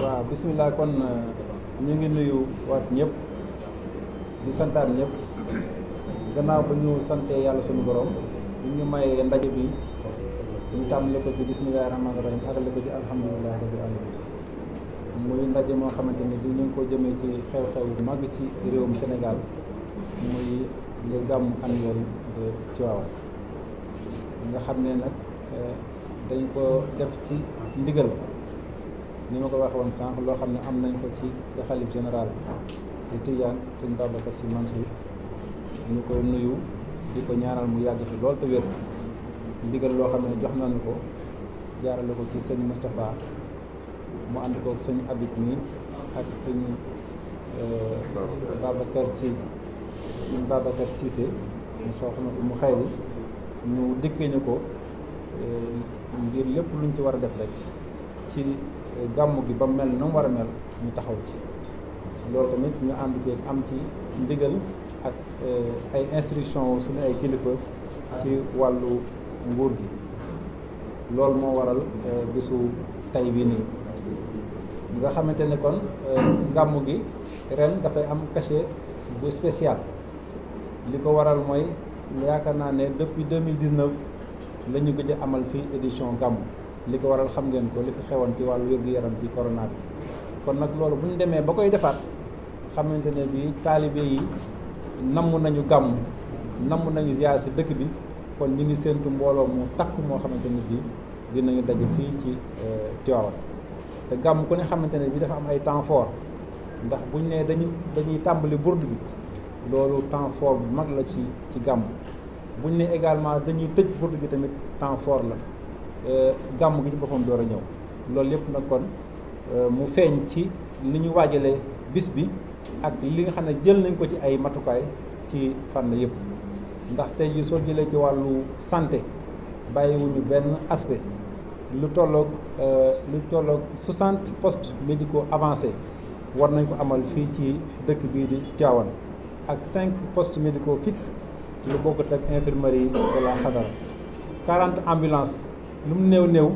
waaw bisimilah kon euh, ñu ngi nuyu waat ñëpp di santaat ñëpp gannaaw ba ñu santee yàlla suñu borom ñu ñu may ndaje bi ñu tàmm ko ci bisimilah rahmaani rahiim àggale ko ci alhamdulilah rabbil alamin muy ndaje moo xamante ni bi ñu ngi ko jëmee ci xew-xew yu mag ci réewum Sénégal muy le gàmmu annuel de Tivaouane nga xam ne nag euh, dañ ko def ci ndigal. ni ma ko waxee woon sànq loo xam ne am nañ ko ci xalif général di Tijaan sëñ Babacar Sy Mansour ñu ko nuyu di ko ñaaral mu yàgg fi lool te wér ndigal loo xam ne jox nañu ko jaarale ko ci sëñ Moustapha mu ànd koog sëñ Abib mi ak sëñ euh, Babacar Sy sëñ Babacar Cissé mu soxna mu xayri ñu dikkee ñu ko euh, ngir lépp luñ ci war a def rek ci gàmmu gi ba mel na mu war a mel ñu taxaw ci loolu tamit ñu ànd ci am ci ndigal ak eh, ay instruction suñu ay kilifa ci wàllu nguur gi loolu moo waral eh, bisu tay bi nii nga xamante ne kon eh, gàmmu gi ren dafay am cachet bu spécial li ko waral mooy yaakaar naa ne depuis deux mille dix-neuf la ñu gëj a amal fii édition gàmmu li ko waral xam ngeen ko li fi xewoon ci wàllu wér-gu-yaram ci corona bi kon nag loolu bu ñu demee ba koy defaat xamante ne bii taalibe yi namm nañu gàmm namm nañu ziar si dëkk bi kon li ngi séentu mbooloo mu takk moo xamante ne bi nañu daje fii ci euh, Tiwaawan te gàmm ko ne xamante ne bii dafa am ay temps fort ndax buñ ne dañu dañuy tàmbali burdu bi loolu temps fort bu mag la ci ci gàmm buñ ne également dañuy tëj burdu bi tamit temps fort la Euh, gàmm gi ci boppam door a ñëw loolu yëpp nag kon euh, mu feeñ ci li ñu waajale bis bi ak li nga xam ne jël nañ ko ci ay matukaay ci fànn yëpp ndax tey jii soo jëlee ci wàllu santé bàyyiwuñu benn aspect lu tolloog euh, lu tolloog 60 postes médicaux avancés war nañ ko amal fii ci dëkk bii di Tivaouane ak 5 postes médicaux fixes lu bokkut ak infirmerie de la Xadara 40 ambulances lu mu néew néew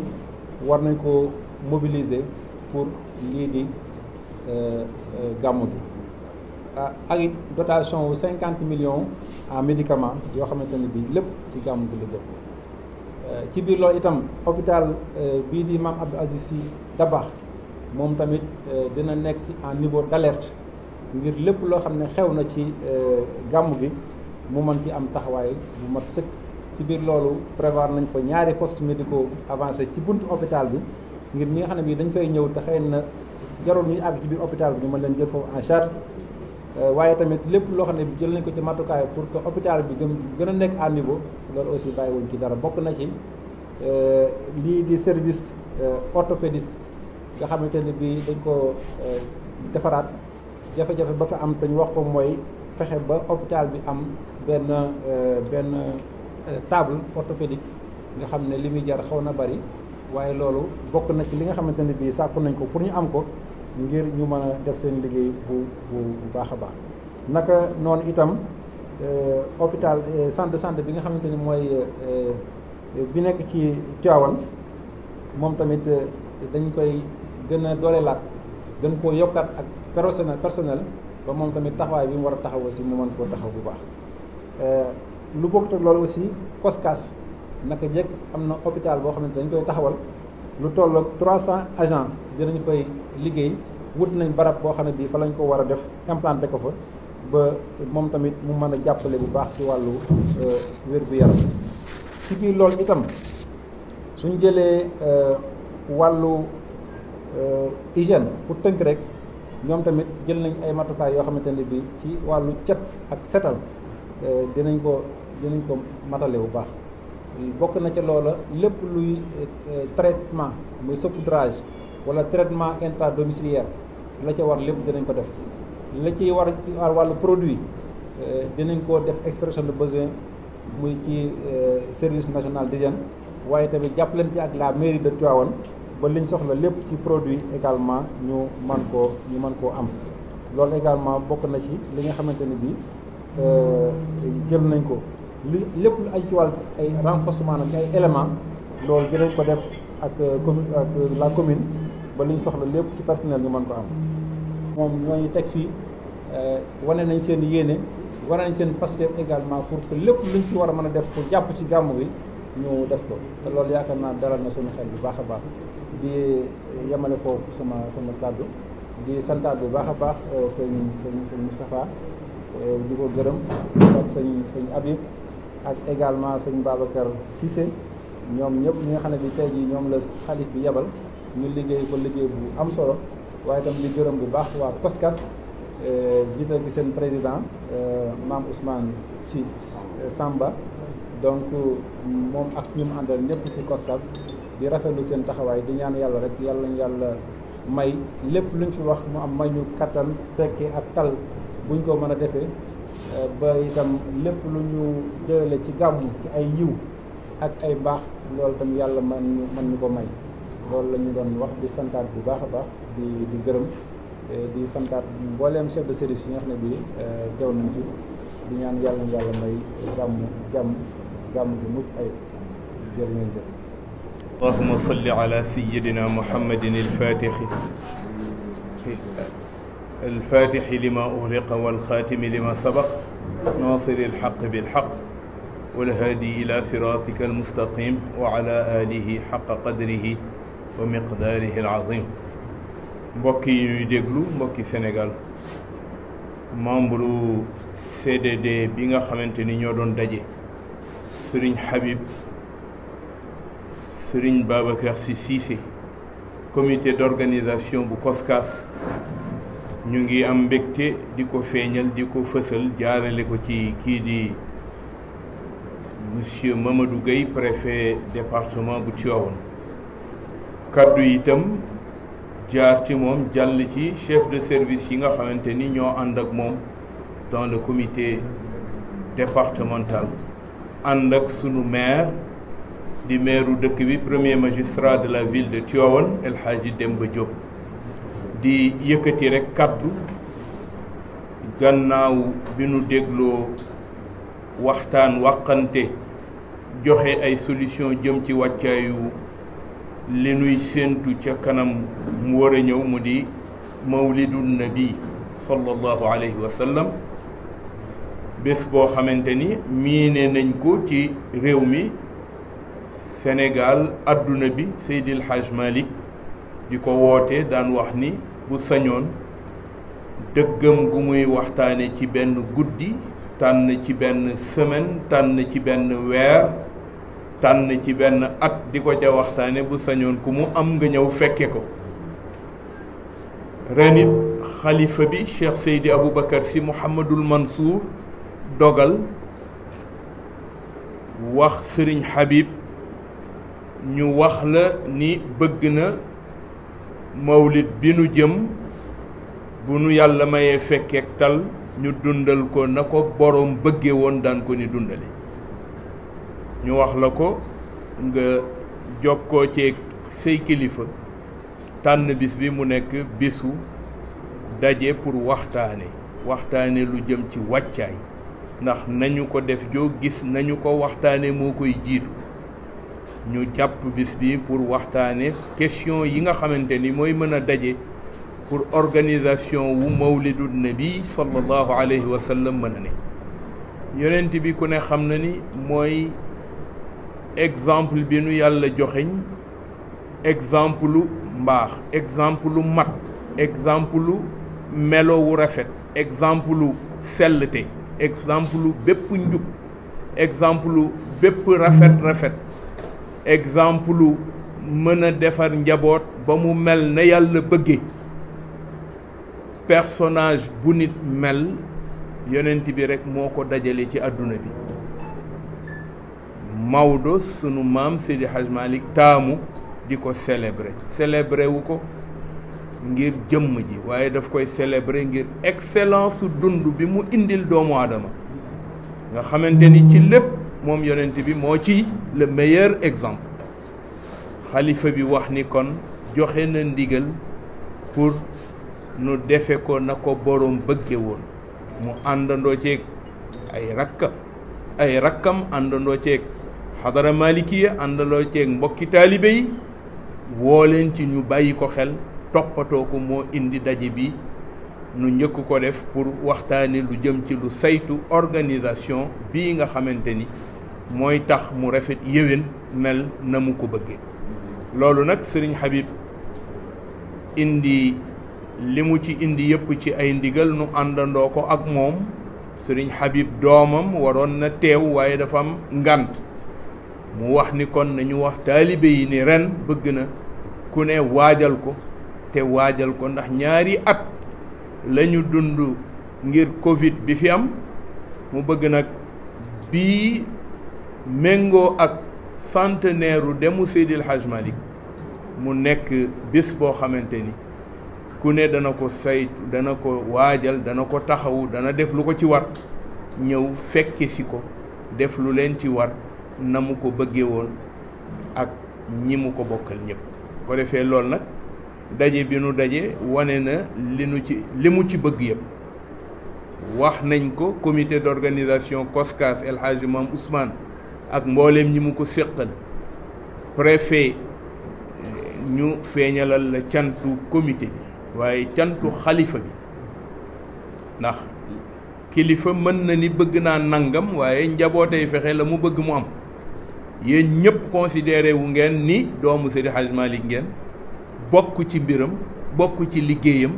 war nañ ko mobiliser pour lii di euh, euh, gàmmu gi ah, ak it dotation wu cinquante millions en médicament yoo xamante ne bii lépp ci gàmmu gi euh, ci biir loolu itam hôpital bii di Mame Abdou Aziz Sy Dabakh moom tamit dina nekk en niveau d'alerte ngir lépp loo xam ne xew na ci gàmmu bi mu mën ci am taxawaay bu mat sëkk ci biir loolu prévoir nañ ko ñaari postes médicaux avancé ci buntu hôpital bi ngir ñi nga xam ne dañ fay ñëw te xëy na jarul ñuy àgg ci biir hôpital bi ñu mën leen jël foofu en charge euh, waaye tamit lépp loo xam ne bi jël nañ ko ci matukaay pour que hôpital bi gën gën a nekk à niveau loolu aussi bàyyi wuñ ci dara bokk na ci euh, lii di service euh, orthopédiste nga xamante ne bii dañ ko defaraat jafe-jafe ba fa am dañ wax ko mooy fexe ba hôpital bi am benn benn. Euh, table orthopédique nga xam ne li muy jar xaw na bari waaye loolu bokk na ci li nga xamante ne bii sàkku nañ ko pour ñu am ko ngir ñu mën a def seen liggéey bu bu bu baax a baax naka noonu itam euh, hôpital euh, centre de santé bi nga xamante ni mooy bi nekk ci Tivaouane moom tamit dañ koy gën a laat gën koo yokkaat ak personnel personnel ba moom tamit taxawaay bi mu war a taxaw si mu mën koo taxaw bu baax lu bokkute loolu aussi COSCAS naka jekk am na hôpital boo xamante ne dañ koy taxawal lu toll trois 300 agents dinañ koy liggéey wut nañ barab boo xam ne bii fa lañ ko war a def implanté ko fa ba moom tamit mu mën a jàppale bu baax ci wàllu euh, wér-gu-yaram ci biir loolu itam suñ jëlee euh, wàllu euh, hygiène pour tënk rek ñoom tamit jël nañ ay matukaay yoo xamante ne bii ci wàllu cet ak setal dinañ ko dinañ ko matale bu baax bokk na ca loola lépp luy euh, traitement muy saupoudrage wala traitement intra domiciliaire la ca war lépp dinañ ko def la ciy war ci wàllu produit euh, dinañ ko def expression de besoin muy ci euh, service national d'hygiène waaye tamit jàppalante ak la mairie de wan ba liñ soxla lépp ci produit également ñu man koo ñu man koo am loolu également bokk na ci li nga xamante ne bii jël nañ ko lu lépp lu ay ay renforcement nag ay élément loolu dinañ ko def ak euh, commune ak euh, la commune ba li ñu soxla lépp ci personnel ñu mën ko am moom ñoo ñu teg fii euh, wane nañ seen yéene wane nañ seen Pastef également pour que lépp ñu ci war a mën a def ko jàpp ci gàmmu bi ñu def ko te loolu yaakaar naa dalal na suñu xel bu baax a baax di yemale foofu sama sama kàddu di santaat bu baax a baax sëñ sëñ sëñ Moustapha di ko gërëm ak sëñ sëñ ak également seen sëñ Babacar Cissé ñoom ñëpp ñu xam ne bi tey jii ñoom la xalif bi yebal ñu liggéey ko liggéey bu am solo waaye itam di gërëm bu baax waa Koskas eh, jiital ci seen président eh, maam Ousmane si eh, Samba donc moom ak ñum àndal ñëpp ci Koskas di rafetlu seen taxawaay di ñaan yàlla rek yàlla ñu yàlla may lépp luñ fi wax mu am may ñu kattan fekkee ak tal buñ ko mën a defee ba itam lépp lu ñu jële ci gàmmu ci ay yiw ak ay baax lool tam yàlla man ñu ñu ko may lool la ñu doon wax di santaat bu baax a baax di di gërëm eh, di santaat mbooleem chef de service yi nga xam ne bii eh, teew nañ fi di ñaan yàlla yàlla may gàmmu jàmm gàmmu bu mucc ay jërë ngeen jëf allahuma salli ala sayidina muhammadin alfatixi alfatixi lima uhliqa walxaatimi lima sabaq ناصر الحق بالحق والهادي إلى صراطك المستقيم وعلى آله حق قدره ومقداره العظيم mbokk yi ñuy déglu mbokki Sénégal membre CDD bi nga xamante ni ñoo doon daje Serigne Habib Serigne Babacar Sy Cissé comité d'organisation bu COSCAS ñu ngi am mbégte di ko feeñal di ko fësal jaarale ko ci kii di monsieur Mamadou Gueye préfet département bu Tivaouane kàddu itam jaar ci moom jàll ci chef de service yi nga xamante ni ñoo ànd ak moom dans le comité départemental ànd ak sunu maire di maireu dëkk bi premier magistrat de la ville de Tivaouane El dem ba Diop di yëkkati rekk kàddu gannaaw bi nu dégloo waxtaan wàqante joxe ay solution jëm ci wàccaayu li nuy séentu ca kanam mu war a ñëw mu di mawlidu nabi sallallahu alayhi wa sallam bés boo xamante ni miine nañ ko ci réew mi senegal àdduna bi Seydil Hadj di ko woote daan wax ni bu sañoon dëggam gu muy waxtaane ci benn guddi tànn ci benn semaine tànn ci benn weer tànn ci benn at di ko ca waxtaane bu sañoon ku mu am nga ñëw fekke ko ren xalifa bi Cheikh Seydi Aboubacar si Mouhamadul Mansour dogal wax sëriñ Habib ñu wax la ni bëgg na mawlit bi nu jëm bu nu yàlla mayee fekkeek tal ñu dundal ko na ko boroom bëgge woon daan ko ni dundale ñu wax la ko nga jokkoo ceeg say kilifa tànn bis bi mu nekk bisu daje pour waxtaane waxtaane lu jëm ci wàccaay ndax nañu ko def joo gis nañu ko waxtaane moo koy jiitu ñu jàpp bis bi pour waxtaane question yi nga xamante ni mooy mën a daje pour organisation wu mawlidul nabi sallallahu alayhi wa sallam mën a ne yonent bi ku ne xam na ni mooy exemple bi nu yàlla joxeñ exemple lu mbaax exemple lu mat exemple lu melo wu rafet exemple lu sellte exemple lu bépp njub exemple bépp rafet rafet exemple lu mën a defar njaboot ba mu mel na yàlla bëgge personnage bu nit mel yonent bi rekk moo ko dajale ci àdduna bi Maodo sunu maam Seydi Hadj taamu di ko célébrer célébrer wu ko ngir jëmm ji waaye daf koy célébrer ngir excellence su dund bi mu indil doomu aadama nga xamante ci lépp moom yonent bi moo ci le meilleur exemple xalifa bi wax ni kon joxe na ndigal pour nu defe ko na ko boroom bëgge woon mu àndandoo ceeg ay rakkam ay rakkam àndandoo ceeg xadara malikiya àndandoo ceeg mbokki taalibe yi woo leen ci ñu bàyyi ko xel toppatoo ko moo indi daje bi nu njëkk ko def pour waxtaane lu jëm ci lu saytu organisation bii nga xamante ni mooy tax mu rafet yéwén mel na mu ko bëggee loolu nag sëriñ Habib indi limu ci indi yëpp ci ay ndigal nu àndandoo ko ak moom sëriñ Habib doomam waroon na teew waaye dafa am ngànt mu wax ni kon nañu wax taalibe yi ni ren bëgg na ku ne waajal ko te waajal ko ndax ñaari at lañu dund ngir Covid bi fi am mu bëgg nag bii. méngoo ak centenaire demu Seydil Hadj Malick mu nekk bés boo xamante ni ku ne dana ko saytu dana ko waajal dana ko taxawu dana def lu ko ci war ñëw fekke si ko def lu leen ci war na mu ko bëggee woon ak ñi mu ko bokkal ñëpp ko defee loolu nag daje bi nu daje wane na li nu ci li mu ci bëgg yëpp wax nañ ko comité d'organisation COSCAS El Hadji Mame Ousmane ak mbooleem ñi mu ko séqal préfet ñu feeñalal la cantu comité bi waaye cantu xalifa bi ndax kilifa mën na ni bëgg naa nangam waaye njabootay fexe la mu bëgg mu am yéen ñëpp considéré wu ngeen ni doomu Seydi Hadj ngeen bokk ci mbiram bokk ci liggéeyam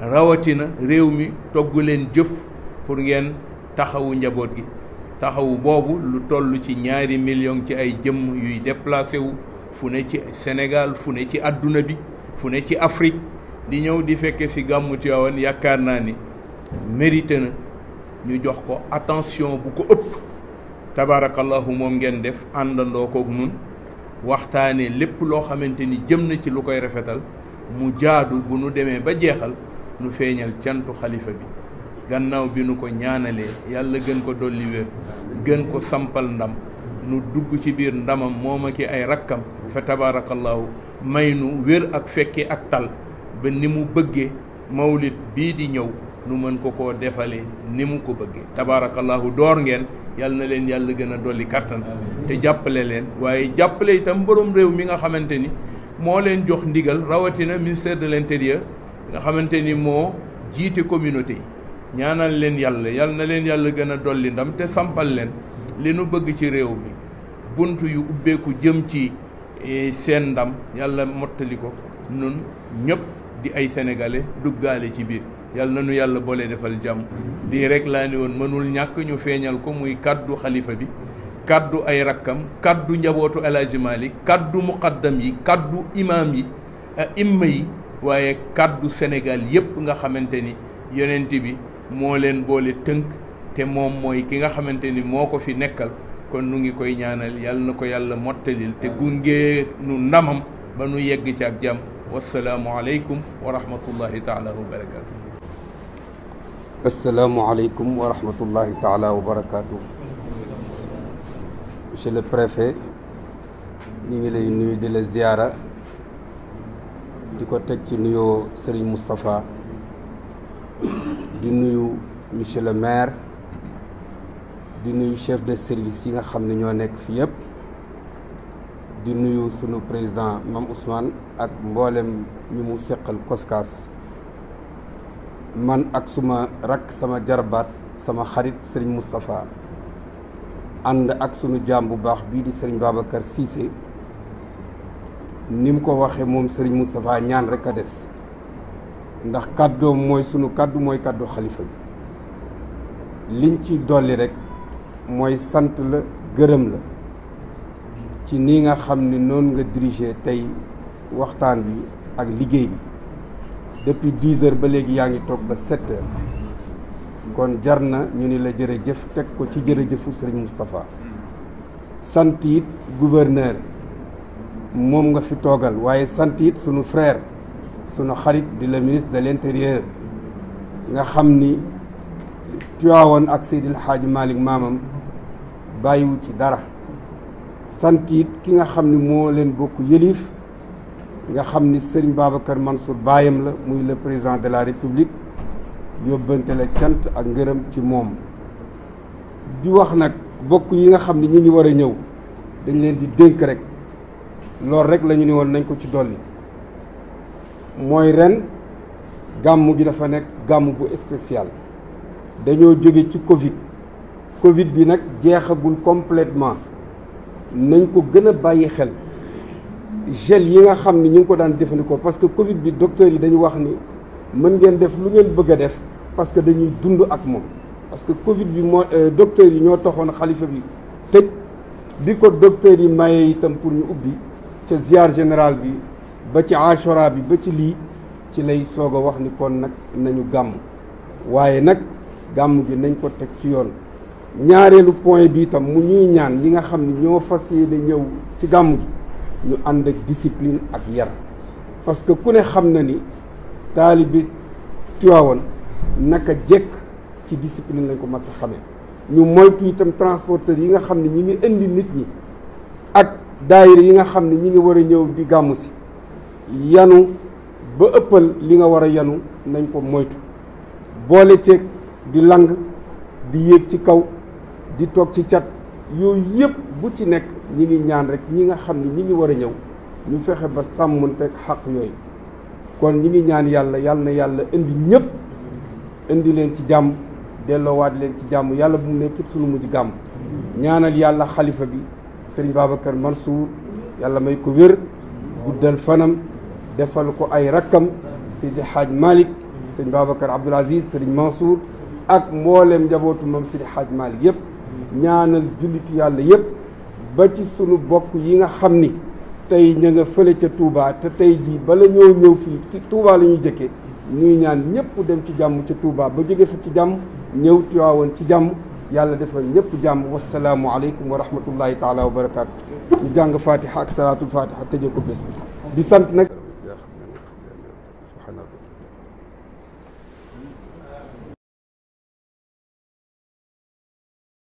rawatina réew mi togg leen jëf pour ngeen taxawu njaboot gi taxawu boobu lu toll ci ñaari million ci ay jëmm yuy déplacé wu fu ne ci senegal fu ne ci adduna bi fu ne ci Afrique di ñëw di fekke ci gàmmu Tiwaawan yaakaar naa ni mérité na ñu jox ko attention bu ko ëpp tabaarakallahu moom ngeen def àndandoo kook nun waxtaanee lépp loo xamante ni jëm na ci lu koy rafetal mu jaadu bu nu demee ba jeexal nu feeñal cantu xalifa bi gannaaw bi nu ko ñaanalee yàlla gën ko dolli wér gën ko sampal ndam nu dugg ci biir ndamam moom a ki ay rakkam fa tabaarakallaahu may nu wér ak fekke ak tal ba ni mu bëggee mawlid bii di ñëw nu mën ko ko defalee ni mu ko bëggee tabaarakallaahu door ngeen yàlla na leen yàlla gën a dolli kattan te jàppale leen waaye jàppale itam boroom réew mi nga xamante ni moo leen jox ndigal rawatina ministère de l'intérieur nga xamante ni moo jiite communauté yi ñaanal leen yàlla yal na leen yàlla gën a dolli ndam te sampal leen li nu bëgg ci réew mi bunt yu ubbeeku jëm ci e, seen ndam yàlla mottali ko nun ñëpp di ay sénégalais duggaale ci biir yàlla na nu yàlla boole defal jàmm lii rek laa ne woon mënul ñàkk ñu feeñal ko muy kàddu xalifa bi kàddu ay rakkam kàddu njabootu El Hadj Malick kàddu muqaddam yi kàddu imaam yi imma yi waaye kàddu Sénégal yépp nga xamante ni yonent bi moo leen boole tënk te moom mooy ki nga xamante ni moo ko fi nekkal kon nu ngi koy ñaanal yàlla na ko yàlla mottalil te gungee nu ndamam ba nu yegg ci ak jàmm wassalaamu aleykum wa rahmatullahi taala wa barakaatu assalaamu aleykum wa rahmatullahi taala wa barakaatu préfet ñu ngi lay nuyu di la ziyaara di ko teg ci nuyoo Serigne Moustapha di nuyu monsieur le maire di nuyu chef de service yi nga xam ne ñoo nekk fii yëpp di nuyu sunu président Mame Ousmane ak mboolem ñu mu seqal koskaas man ak suma rakk sama jarbaat sama xarit sëriñ Moustapha ànd ak suñu jaam bu baax bii di sëriñ Babacar Cissé ni mu ko waxee moom sëriñ Moustapha ñaan rek a des ndax kàddoom mooy sunu kàddu mooy kàddu xalifa bi liñ ci dolli rek mooy sant la gërëm la ci ni nga xam ni noonu nga dirigé tey waxtaan bi ak liggéey bi depuis dix heures ba léegi yaa ngi toog ba sept kon jar na ñu ni la jëf teg ko ci jërëjëfu sëriñ Moustapha sant it gouverneur moom nga fi toogal waaye sant it sunu frère sunu xarit di la ministre de l'intérieur nga xam ni Tiwaawoon ak Seydil Hadji Malick maamam bàyyiwu ci dara sant it ki nga xam ni moo leen bokk yëliif nga xam ni Serigne Babacar Mansour baayam la muy le président de la République yóbbante la cant ak ngërëm ci moom di wax nag bokk yi nga xam ni ñu ngi war a ñëw dañ leen di dénk rek loolu rek la ñu ni woon nañ ko ci dolli mooy ren gàmm gi dafa nekk gàmm bu spécial dañoo jóge ci Covid Covid bi nag jeexagul completement nañ ko gën a bàyyi xel gel yi nga xam ni ñu ngi ko daan jëfandikoo parce que Covid bi docteur yi dañu wax ni mën ngeen def lu ngeen bëgg a def parce que dañuy dund ak moom parce que Covid bi moo euh, docteur yi ñoo toxoon xalifa bi tëj bi ko docteur yi maye itam pour ñu ubbi ca ziar général bi. ba ci ashura bi ba ci lii ci lay soog a wax ni kon nag nañu gàmm waaye nag gàmm gi nañ ko teg ci yoon ñaareelu point bi itam mu ñuy ñaan ñi nga xam ni ñoo fas yéene ñëw ci gàmm gi ñu ànd ak discipline ak yar parce que ku ne xam na ni taalibi Tiwaawan naka jekk ci discipline lañ ko mas a xamee ñu moytu itam transporteur yi nga xam ne ñi ngi indi nit ñi ak daayira yi nga xam ne ñi ngi war a ñëw di gàmmu si yanu ba ëppal li nga war a yanu nañ ko moytu boole ceeg di lang di yéeg ci kaw di toog ci cat yooyu yëpp bu ci nekk ñi ngi ñaan rek ñi nga xam ne ñi ngi war a ñëw ñu fexe ba sàmmanteeg xaq yooyu kon ñi ngi ñaan yàlla yàlla na yàlla indi ñëpp indi leen ci jàmm delloowaat leen ci jàmm yàlla bu mu nekk suñu mujj gàmm ñaanal yàlla xalifa bi sëriñ Babacar Mansour yàlla may ko wér guddal fanam defal ko ay rakkam Seydi xaaj Malick sëñ Babacar Abdoul Aziz sëriñ Mansour ak mboolem njabootu moom Seydi xaaj Malick yëpp ñaanal jullitu yàlla yëpp ba ci sunu bokk yi nga xam ni tey ña nga fële ca Touba te tey jii ba ñoo ñëw fii ci Touba la ñuy jëkkee ñuy ñaan ñëpp dem ci jàmm ca Touba ba jóge fa ci jàmm ñëw Tiwaawoon ci jàmm yàlla defal ñëpp jàmm wasalaamu aleykum wa rahmatullahi taala wa barakaatu ñu jàng fatiha ak salaatul fatiha tëjee ko